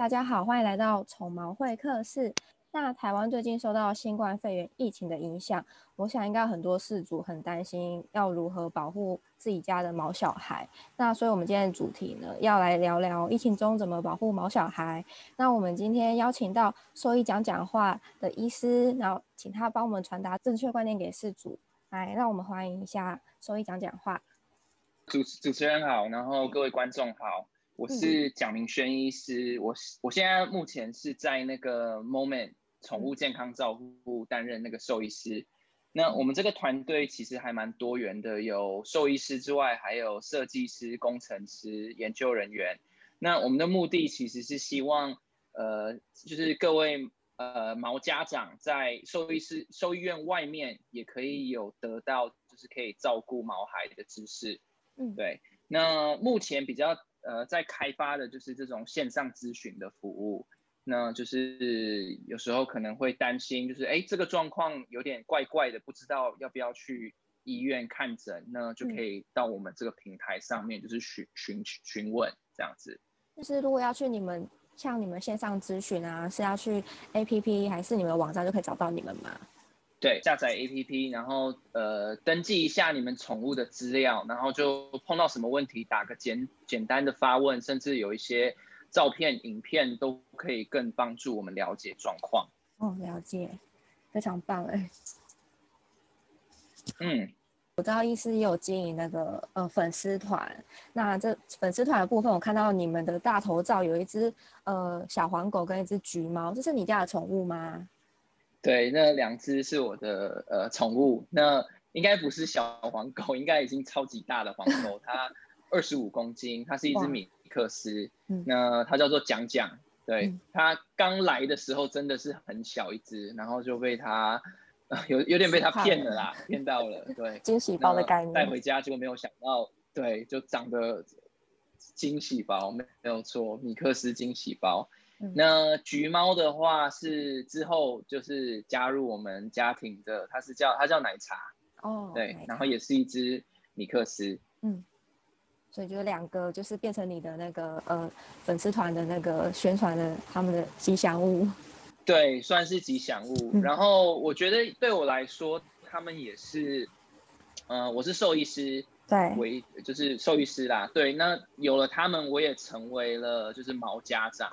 大家好，歡迎來到寵毛會客室。那台灣最近受到新冠肺炎疫情的影響，我想應該很多飼主很擔心要如何保護自己家的毛小孩。那所以我們今天的主題呢，要來聊聊疫情中怎麼保護毛小孩。那我們今天邀請到獸醫蔣蔣話的醫師，然後請他幫我們傳達正確觀念給飼主。來，讓我們歡迎一下獸醫蔣蔣話。主持、主持人好，然後各位觀眾好。我是蔣明軒醫師，我、嗯、是我現在目前是在那個 Moment 寵物健康照護擔任那個獸醫師。那我們這個團隊其實還蠻多元的，有獸醫師之外，還有設計師、工程師、研究人員。那我們的目的其實是希望，呃，就是各位呃毛家長在獸醫師獸醫院外面也可以有得到，就是可以照顧毛孩的知識。嗯，對。那目前比較。呃，在開發的就是這種線上諮詢的服務，那就是有時候可能會擔心，就是誒、欸，這個狀況有點怪怪的，不知道要不要去醫院看診，那就可以到我們這個平臺上面，就是詢詢詢問這樣子。就是如果要去你們，像你們線上諮詢啊，是要去 A P P 還是你們的網站就可以找到你們嗎？對，下載 APP，然後呃，登記一下你們寵物的資料，然後就碰到什麼問題，打個簡簡單的發問，甚至有一些照片、影片都可以更幫助我們了解狀況。哦，了解，非常棒哎。嗯，我知道醫師也有經營那個呃粉絲團，那這粉絲團的部分，我看到你們的大頭照有一隻呃小黃狗跟一隻橘貓，這是你家的寵物嗎？對，那兩隻是我的呃寵物，那應該不是小黃狗，應該已經超級大的黃狗， 它二十五公斤，它是一隻米克斯，嗯、那它叫做蔣蔣，對、嗯，它剛來的時候真的是很小一隻，然後就被它、呃、有有點被它騙了啦了，騙到了，對，驚喜包的概念，呃、帶回家結果沒有想到，對，就長得驚喜包，沒沒有錯，米克斯驚喜包。那橘貓的話是之後就是加入我們家庭的，它是叫它叫奶茶哦，oh, 對，然後也是一隻米克斯，嗯，所以就是兩個就是變成你的那個呃粉絲團的那個宣傳的他們的吉祥物，對，算是吉祥物，嗯。然後我覺得對我來說，他們也是，嗯，呃，我是獸醫師，對，為就是獸醫師啦，對，那有了他們，我也成為了就是毛家長。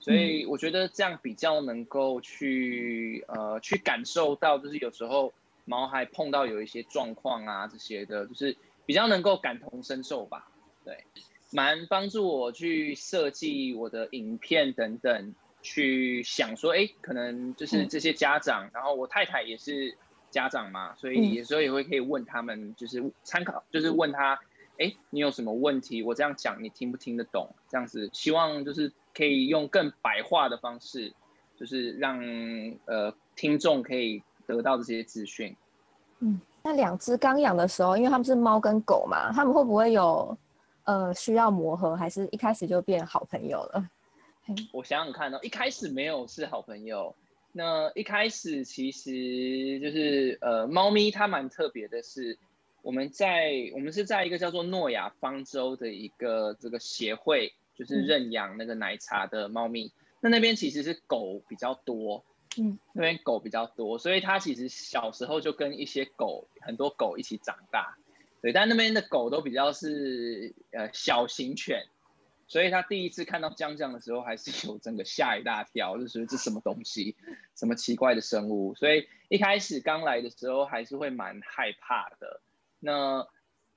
所以我覺得這樣比較能夠去、嗯、呃去感受到，就是有時候毛孩碰到有一些狀況啊這些的，就是比較能夠感同身受吧。對，蠻幫助我去設計我的影片等等，去想說，哎、欸，可能就是這些家長、嗯，然後我太太也是家長嘛，所以有時候也會可以問他們，就是參考，就是問他，哎、欸，你有什麼問題？我這樣講你聽不聽得懂？這樣子，希望就是。可以用更白話的方式，就是讓呃聽眾可以得到這些資訊。嗯，那兩隻剛養的時候，因為他們是貓跟狗嘛，他們會不會有呃需要磨合，還是一開始就變好朋友了？我想想看到，一開始沒有是好朋友。那一開始其實就是呃，貓咪它蠻特別的是，是我們在我們是在一個叫做諾亞方舟的一個這個協會。就是認養那個奶茶的貓咪，嗯，那那邊其實是狗比較多，嗯，那邊狗比較多，所以他其實小時候就跟一些狗，很多狗一起長大，對，但那邊的狗都比較是呃小型犬，所以他第一次看到江醬的時候，還是有整個嚇一大跳，就是這什麼東西， 什麼奇怪的生物，所以一開始剛來的時候還是會蠻害怕的。那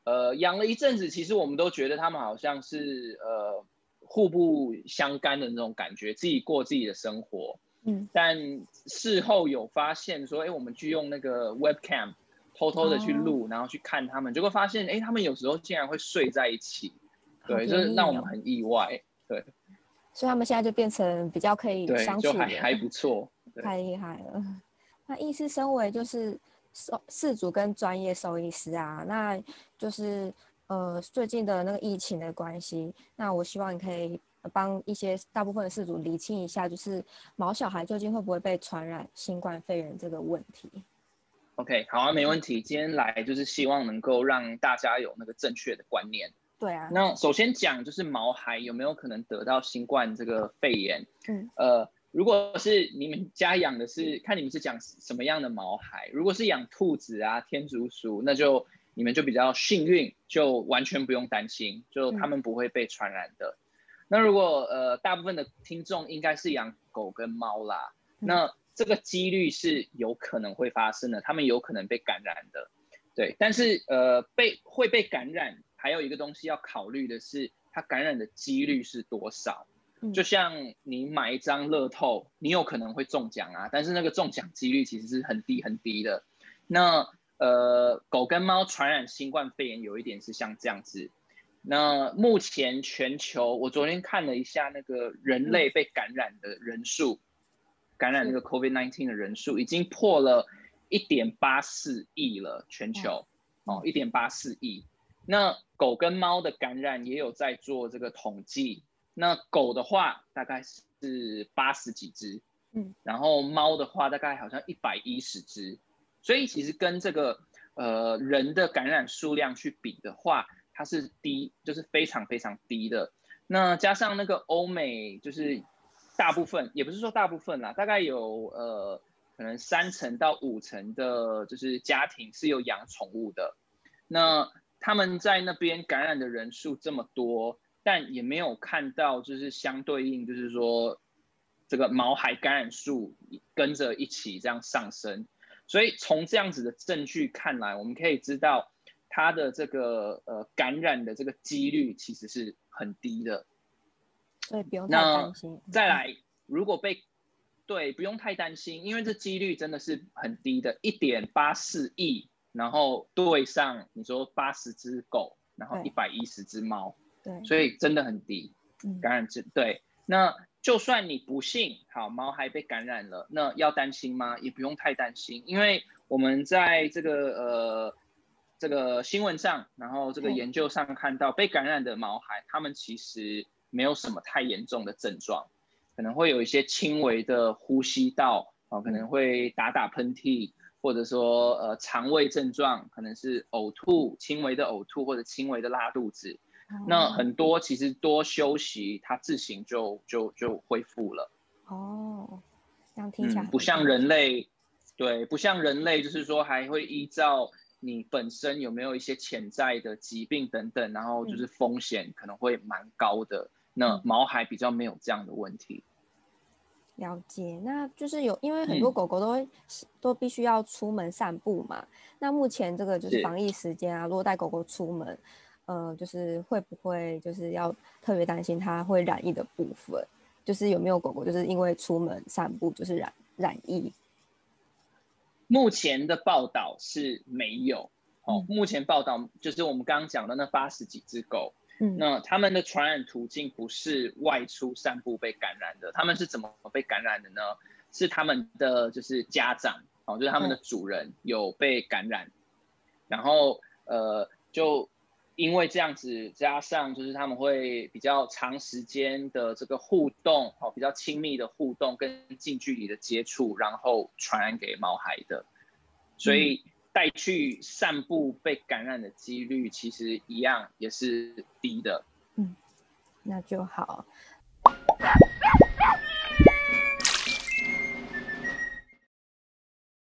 呃養了一陣子，其實我們都覺得他們好像是呃。互不相干的那種感覺，自己過自己的生活。嗯，但事後有發現說，哎，我們去用那個 webcam 偷偷的去錄，oh，然後去看他們，結果發現，哎，他們有時候竟然會睡在一起。對，哦，就是讓我們很意外。對，所以他們現在就變成比較可以相信還，還不錯，太厲害了。那醫師身為就是飼主跟專業獸醫師啊，那就是。呃，最近的那個疫情的關係，那我希望你可以幫一些大部分的飼主理清一下，就是毛小孩究竟會不會被傳染新冠肺炎這個問題。OK，好啊，沒問題。今天來就是希望能夠讓大家有那個正確的觀念。對啊。那首先講就是毛孩有沒有可能得到新冠這個肺炎？嗯。呃，如果是你們家養的是，看你們是講什麼樣的毛孩。如果是養兔子啊、天竺鼠，那就。你們就比較幸運，就完全不用擔心，就他們不會被傳染的。嗯。那如果呃，大部分的聽眾應該是養狗跟貓啦，那這個幾率是有可能會發生的，他們有可能被感染的。對，但是呃，被會被感染，還有一個東西要考慮的是，它感染的幾率是多少。就像你買一張樂透，你有可能會中獎啊，但是那個中獎幾率其實是很低很低的。那呃，狗跟貓傳染新冠肺炎有一點是像這樣子。那目前全球，我昨天看了一下那個人類被感染的人數，嗯，感染那個 COVID-19 的人數已經破了一點八四億了，全球，嗯，哦，一點八四億。那狗跟貓的感染也有在做這個統計。那狗的話大概是八十幾只，嗯，然後貓的話大概好像一百一十只。所以其實跟這個呃人的感染數量去比的話，它是低，就是非常非常低的。那加上那個歐美，就是大部分也不是說大部分啦，大概有呃可能三成到五成的，就是家庭是有養寵物的。那他們在那邊感染的人數這麼多，但也沒有看到就是相對應，就是說這個毛孩感染數跟着一起這樣上升。所以從這樣子的證據看來，我們可以知道它的這個呃感染的這個幾率其實是很低的，對，不用太擔心。那再來，如果被對，不用太擔心，因為這幾率真的是很低的，一點八四億，然後對上你說八十隻狗，然後一百一十隻貓對，對，所以真的很低，感染是、嗯、對那。就算你不信，好，毛孩被感染了，那要擔心嗎？也不用太擔心，因為我們在這個呃這個新聞上，然後這個研究上看到，被感染的毛孩他們其實沒有什麼太嚴重的症狀，可能會有一些輕微的呼吸道啊，可能會打打噴嚏，或者說呃腸胃症狀，可能是嘔吐，輕微的嘔吐或者輕微的拉肚子。Oh, 那很多其實多休息，它自行就就就恢復了。哦，這樣聽起來。不像人類，oh. 對，不像人類，就是說還會依照你本身有沒有一些潛在的疾病等等，然後就是風險可能會蠻高的。Mm. 那毛孩比較沒有這樣的問題。Mm. 了解，那就是有，因為很多狗狗都會、mm. 都必須要出門散步嘛。那目前這個就是防疫時間啊，如果帶狗狗出門。呃，就是會不會就是要特別擔心它會染疫的部分，就是有沒有狗狗就是因為出門散步就是染染疫？目前的報道是沒有，嗯，哦，目前報道就是我們剛剛講的那八十幾只狗，嗯，那他們的傳染途徑不是外出散步被感染的，他們是怎麼被感染的呢？是他們的就是家長哦，就是他們的主人有被感染，嗯，然後呃就。因為這樣子，加上就是他們會比較長時間的這個互動，哦，比較親密的互動跟近距離的接觸，然後傳染給毛孩的，所以帶去散步被感染的幾率其實一樣也是低的。嗯，那就好。